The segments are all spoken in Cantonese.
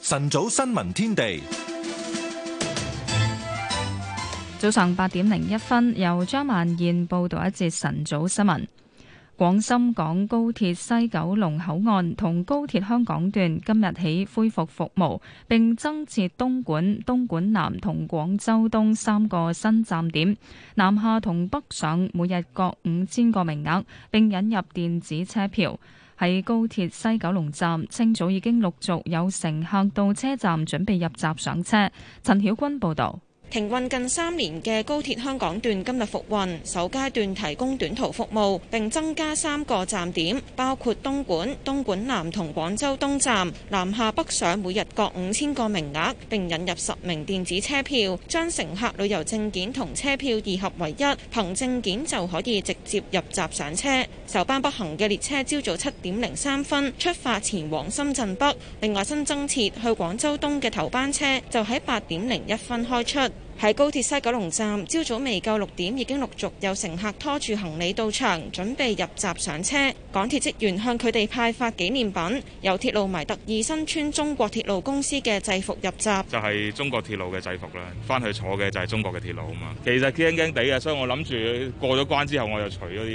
晨早新聞天地，早上八點零一分，由張萬燕報道一節晨早新聞。廣深港高鐵西九龍口岸同高鐵香港段今日起恢復服務，並增設東莞、東莞南同廣州東三個新站點，南下同北上每日各五千個名額，並引入電子車票。喺高鐵西九龍站，清早已經陸續有乘客到車站準備入閘上車。陳曉君報導。停運近三年嘅高鐵香港段今日復運，首階段提供短途服務，並增加三個站點，包括東莞、東莞南同廣州東站。南下北上每日各五千個名額，並引入十名電子車票，將乘客旅遊證件同車票二合為一，憑證件就可以直接入閘上車。首班北行嘅列車朝早七點零三分出發前往深圳北，另外新增設去廣州東嘅頭班車就喺八點零一分開出。喺高鐵西九龍站，朝早未夠六點，已經陸續有乘客拖住行李到場，準備入閘上車。港鐵職員向佢哋派發紀念品，有鐵路迷特意身穿中國鐵路公司嘅制服入閘。就係中國鐵路嘅制服啦，翻去坐嘅就係中國嘅鐵路啊嘛。其實驚驚地啊，所以我諗住過咗關之後，我就除咗啲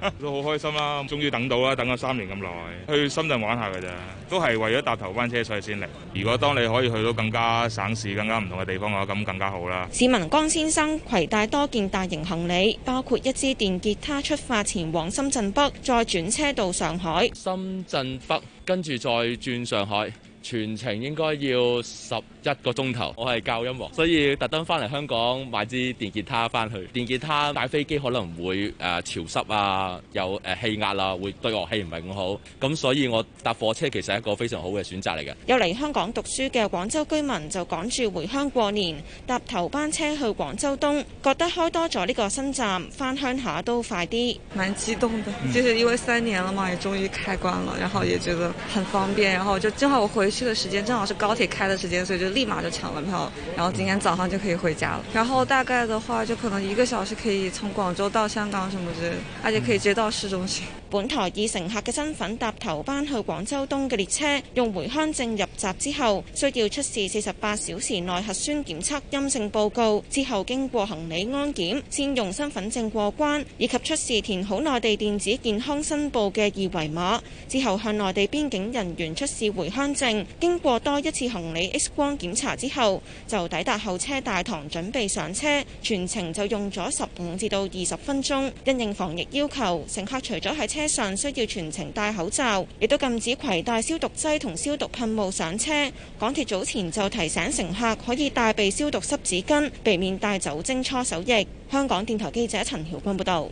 嘢，都 好開心啦、啊。終於等到啦，等咗三年咁耐，去深圳玩下㗎咋，都係為咗搭頭班車所以先嚟。如果當你可以去到更加省市、更加唔同嘅地方嘅話，咁更加好啦。市民江先生攜帶多件大型行李，包括一支電吉他，出發前往深圳北，再轉車到上海。深圳北跟住再轉上海。全程應該要十一個鐘頭，我係教音樂，所以特登翻嚟香港買支電吉他翻去。電吉他帶飛機可能會潮濕啊，有誒氣壓啊，會對樂器唔係咁好。咁所以我搭火車其實係一個非常好嘅選擇嚟嘅。有嚟香港讀書嘅廣州居民就趕住回鄉過年，搭頭班車去廣州東，覺得開多咗呢個新站，翻鄉下都快啲。蠻激動的，就是因為三年了嘛，也終於開關了，然後也覺得很方便，然後就正好我回去。去嘅時間正好是高鐵開的時間，所以就立馬就搶了票。然後今天早上就可以回家了。然後大概的話，就可能一個小時可以從廣州到香港什麼之類的，而且可以直接到市中心。嗯。本台以乘客嘅身份搭頭班去廣州東嘅列車，用回鄉證入閘之後，需要出示四十八小時內核酸檢測陰性報告，之後經過行李安檢，先用身份證過關，以及出示填好內地電子健康申報嘅二維碼，之後向內地邊境人員出示回鄉證。經過多一次行李 X 光檢查之後，就抵達候車大堂準備上車，全程就用咗十五至到二十分鐘。因應防疫要求，乘客除咗喺車上需要全程戴口罩，亦都禁止攜帶消毒劑同消毒噴霧上車。港鐵早前就提醒乘客可以帶備消毒濕紙巾，避免帶酒精搓手液。香港電台記者陳曉君報道。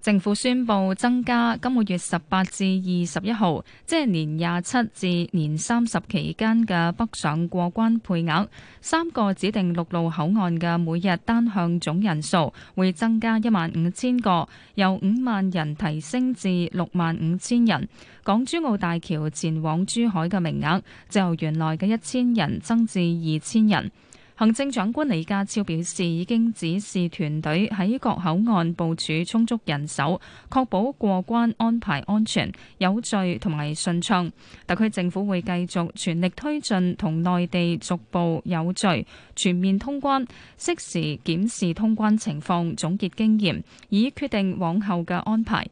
政府宣布增加今個月十八至二十一號，即係年廿七至年三十期間嘅北上過關配額，三個指定陸路口岸嘅每日單向總人數會增加一萬五千個，由五萬人提升至六萬五千人。港珠澳大橋前往珠海嘅名額就由原來嘅一千人增至二千人。行政長官李家超表示，已經指示團隊喺各口岸部署充足人手，確保過關安排安全有序同埋順暢。特區政府會繼續全力推進同內地逐步有序全面通關，適時檢視通關情況，總結經驗，以決定往後嘅安排。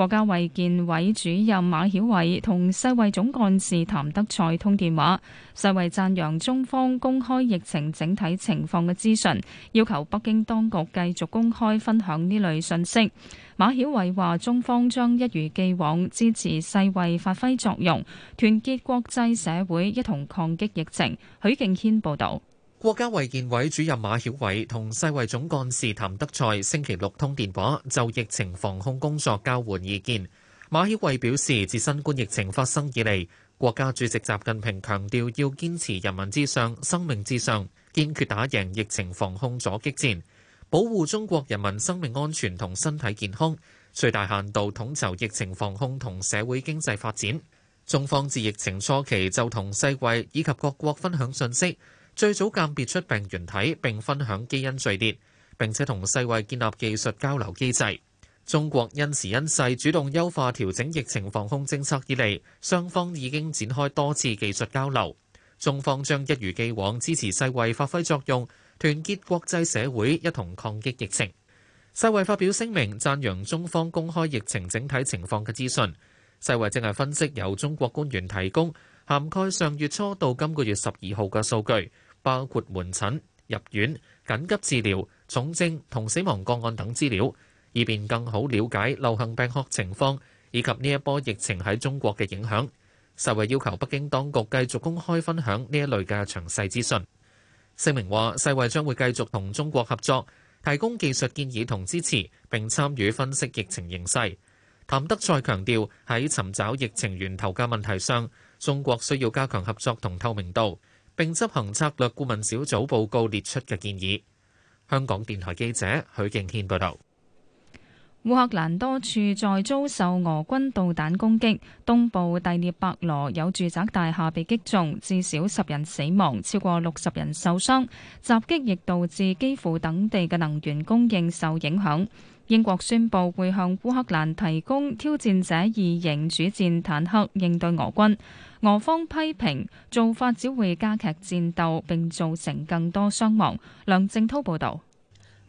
國家衛健委主任馬曉偉同世衛總幹事譚德塞通電話，世衛讚揚中方公開疫情整體情況嘅資訊，要求北京當局繼續公開分享呢類信息。馬曉偉話：中方將一如既往支持世衛發揮作用，團結國際社會一同抗擊疫情。許敬軒報道。國家衛健委主任馬曉偉同世衛總幹事譚德塞星期六通電話，就疫情防控工作交換意見。馬曉偉表示，自新冠疫情發生以嚟，國家主席習近平強調要堅持人民至上、生命至上，堅決打贏疫情防控阻擊戰，保護中國人民生命安全同身體健康，最大限度統籌疫情防控同社會經濟發展。中方自疫情初期就同世衛以及各國分享信息。最早鑒別出病原體並分享基因序列，並且同世衛建立技術交流機制。中國因時因勢主動優化調整疫情防控政策以嚟，雙方已經展開多次技術交流。中方將一如既往支持世衛發揮作用，團結國際社會一同抗擊疫情。世衛發表聲明讚揚中方公開疫情整體情況嘅資訊。世衛正係分析由中國官員提供涵蓋上月初到今個月十二號嘅數據。包括門診、入院、緊急治療、重症同死亡個案等資料，以便更好了解流行病學情況以及呢一波疫情喺中國嘅影響。世衛要求北京當局繼續公開分享呢一類嘅詳細資訊，聲明話世衛將會繼續同中國合作，提供技術建議同支持，並參與分析疫情形勢。譚德塞強調喺尋找疫情源頭嘅問題上，中國需要加強合作同透明度，並執行策略顧問小組報告列出嘅建議。香港電台記者許敬軒報導。烏克蘭多處在遭受俄軍導彈攻擊，東部第涅伯羅有住宅大廈被擊中，至少十人死亡，超過六十人受傷。襲擊亦導致基輔等地嘅能源供應受影響。英國宣布會向烏克蘭提供挑戰者二型主戰坦克，應對俄軍，俄方批評做法只會加劇戰鬥，並造成更多傷亡。梁正濤報導。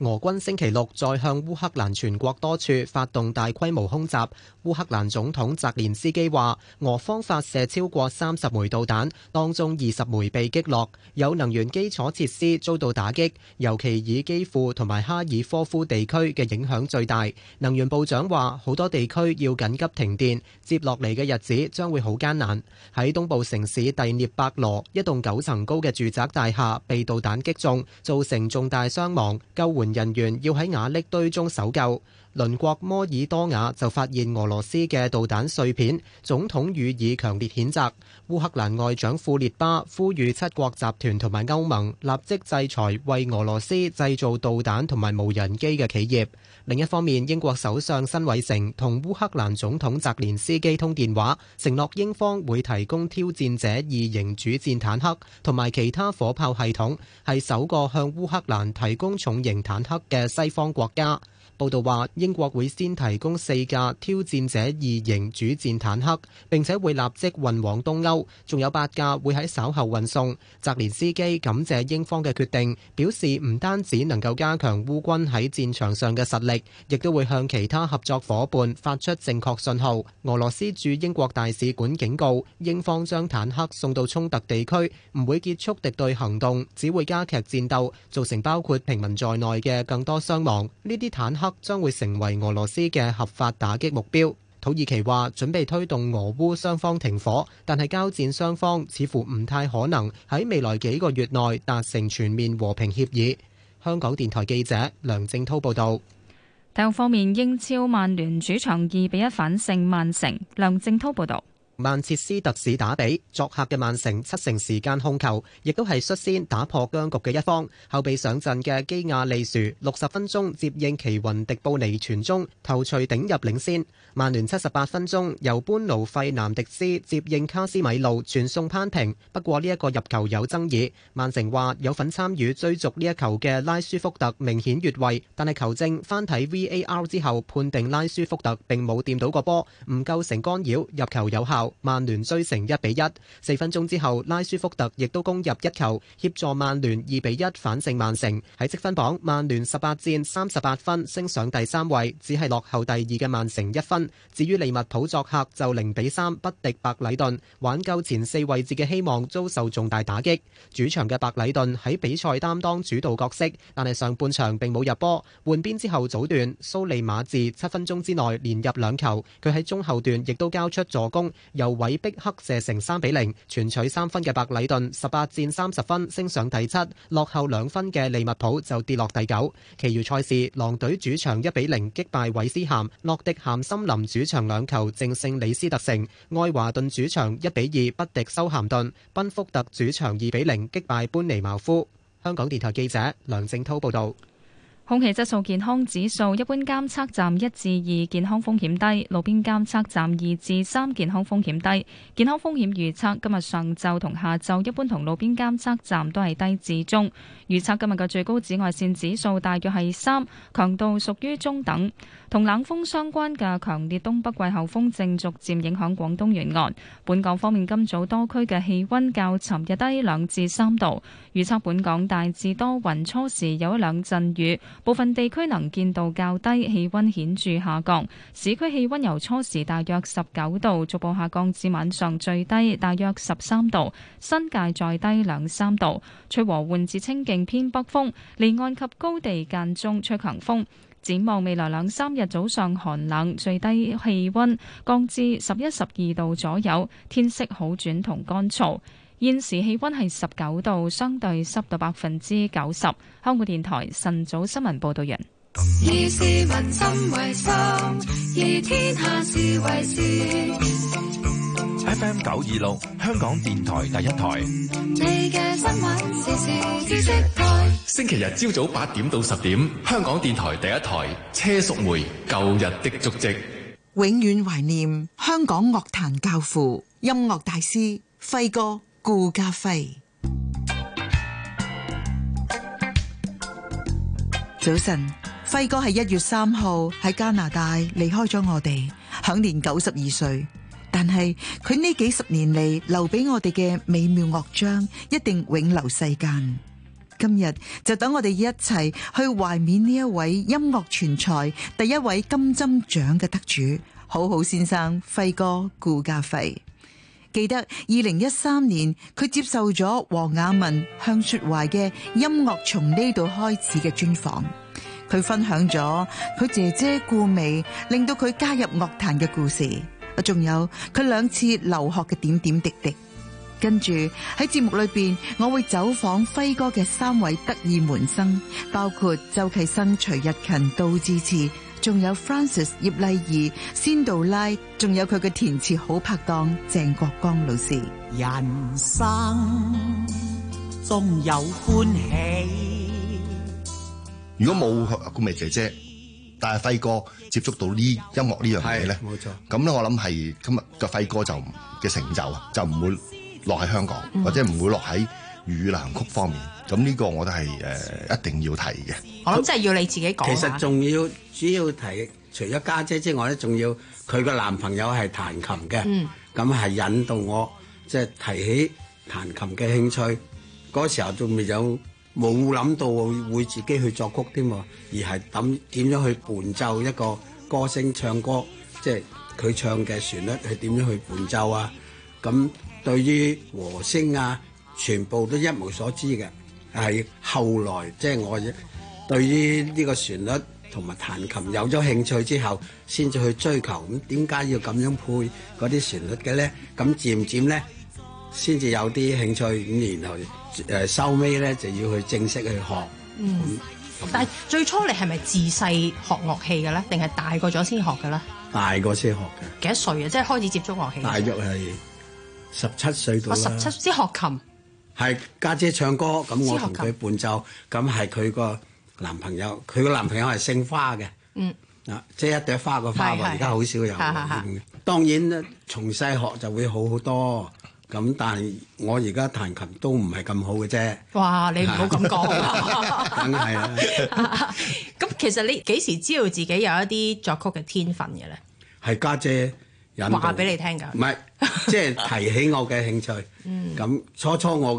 俄軍星期六再向烏克蘭全國多處發動大規模空襲。烏克蘭總統澤連斯基話：俄方發射超過三十枚導彈，當中二十枚被擊落，有能源基礎設施遭到打擊，尤其以基輔同埋哈爾科夫地區嘅影響最大。能源部長話：好多地區要緊急停電，接落嚟嘅日子將會好艱難。喺東部城市第涅伯羅，一棟九層高嘅住宅大廈被導彈擊中，造成重大傷亡，救援。人員要喺瓦礫堆中搜救。鄰國摩爾多瓦就發現俄羅斯嘅導彈碎片，總統予以強烈譴責。烏克蘭外長庫列巴呼籲七國集團同埋歐盟立即制裁為俄羅斯製造導彈同埋無人機嘅企業。另一方面，英國首相辛偉誠同烏克蘭總統澤連斯基通電話，承諾英方會提供挑戰者二型主戰坦克同埋其他火炮系統，係首個向烏克蘭提供重型坦克嘅西方國家。報道話，英國會先提供四架挑戰者二型主戰坦克，並且會立即運往東歐，仲有八架會喺稍後運送。澤連斯基感謝英方嘅決定，表示唔單止能夠加強烏軍喺戰場上嘅實力，亦都會向其他合作伙伴發出正確信號。俄羅斯駐英國大使館警告，英方將坦克送到衝突地區，唔會結束敵對行動，只會加劇戰鬥，造成包括平民在內嘅更多傷亡。呢啲坦克，將會成為俄羅斯嘅合法打擊目標。土耳其話準備推動俄烏雙方停火，但係交戰雙方似乎唔太可能喺未來幾個月內達成全面和平協議。香港電台記者梁正濤報道。體育方面，英超曼聯主場二比一反勝曼城。梁正濤報道。曼徹斯特士打比作客嘅曼城七成時間控球，亦都係率先打破僵局嘅一方。後備上陣嘅基亞利殊六十分鐘接應奇雲迪布尼傳中頭錘頂入領先。曼聯七十八分鐘由般奴費南迪斯接應卡斯米路傳送扳平，不過呢一個入球有爭議。曼城話有份參與追逐呢一球嘅拉舒福特明顯越位，但係球證翻睇 V A R 之後判定拉舒福特並冇掂到個波，唔構成干擾，入球有效。曼聯追成一比一，四分鐘之後，拉舒福特亦都攻入一球，協助曼聯二比一反勝曼城。喺積分榜，曼聯十八戰三十八分，升上第三位，只係落後第二嘅曼城一分。至於利物浦作客就零比三不敵白禮頓，挽救前四位置嘅希望遭受重大打擊。主場嘅白禮頓喺比賽擔當主導角色，但係上半場並冇入波，換邊之後早段蘇利馬治七分鐘之內連入兩球，佢喺中後段亦都交出助攻。由韋碧克射成三比零，全取三分嘅白禮頓十八戰三十分，升上第七；落後兩分嘅利物浦就跌落第九。其餘賽事，狼隊主場一比零擊敗韋斯咸，諾迪咸森林主場兩球淨勝李斯特城，愛華頓主場一比二不敵修咸頓，賓福特主場二比零擊敗班尼茅夫。香港電台記者梁正濤報道。空氣質素健康指數一般監測站一至二，健康風險低；路邊監測站二至三，健康風險低。健康風險預測，今日上晝同下晝，一般同路邊監測站都係低至中。預測今日嘅最高紫外線指數大約係三，強度屬於中等。同冷鋒相關嘅強烈東北季候風正逐漸影響廣東沿岸。本港方面，今早多區嘅氣溫較尋日低兩至三度。預測本港大致多雲，初時有一兩陣雨。部分地區能見度較低，氣温顯著下降。市區氣溫由初時大約十九度，逐步下降至晚上最低大約十三度，新界再低兩三度。吹和緩至清勁偏北風，離岸及高地間中吹強風。展望未來兩三日早上寒冷，最低氣温降至十一十二度左右，天色好轉同乾燥。現時氣溫係十九度，相對濕度百分之九十。香港電台晨早新聞報道人。以事物心為心，以天下事為事。F.M. 九二六，香港電台第一台。星期日朝早八點到十點，香港電台第一台。車淑梅，舊日的足跡。永遠懷念香港樂壇教父、音樂大師輝哥。顧嘉輝，早晨，輝哥係一月三號喺加拿大離開咗我哋，享年九十二歲。但係佢呢幾十年嚟留俾我哋嘅美妙樂章，一定永留世間。今日就等我哋一齊去懷緬呢一位音樂全才、第一位金針獎嘅得主，好好先生輝哥顧嘉輝。記得二零一三年，佢接受咗黃雅文向、向雪懷嘅音樂從呢度開始嘅專訪，佢分享咗佢姐姐顧媚令到佢加入樂壇嘅故事，啊，仲有佢兩次留學嘅點點滴滴。跟住喺節目裏邊，我會走訪輝哥嘅三位得意門生，包括周啟生、徐日勤、杜自持。仲有 Francis、葉麗儀、仙杜拉，仲有佢嘅填詞好拍檔鄭國江老師。人生仲有歡喜。如果冇阿顧媚姐姐，但係輝哥接觸到呢音樂呢樣嘢咧，冇錯。咁咧，我諗係今日個輝哥就嘅成就啊，就唔會落喺香港，或者唔會落喺語行曲方面。咁呢個我都係誒一定要提嘅。我諗即係要你自己講。其實仲要主要提，除咗家姐之外咧，仲要佢嘅男朋友係彈琴嘅。嗯。咁係引導我即係提起彈琴嘅興趣。嗰時候仲未有冇諗到會會自己去作曲添，而係等點樣去伴奏一個歌聲唱歌，即係佢唱嘅旋律，係點樣去伴奏啊？咁對於和聲啊，全部都一無所知嘅。係後來即係、就是、我對於呢個旋律同埋彈琴有咗興趣之後，先至去追求。咁點解要咁樣配嗰啲旋律嘅咧？咁漸漸咧，先至有啲興趣。咁然後誒收尾咧就要去正式去學。嗯。咁樣。但係最初你係咪自細學樂器嘅咧？定係大個咗先學嘅咧？大個先學嘅。幾多歲啊？即係開始接觸樂器。大約係十七歲到啦。我十七先學琴。係家姐唱歌，咁我同佢伴奏，咁係佢個男朋友，佢個男朋友係姓花嘅。嗯，啊，即係一朵花個花喎。而家好少有。當然咧，從細學就會好好多。咁但係我而家彈琴都唔係咁好嘅啫。哇！你唔好咁講。梗係啦。咁其實你幾時知道自己有一啲作曲嘅天分嘅咧？係家姐引導。話俾你聽㗎。唔係，即係提起我嘅興趣。嗯。咁初初我。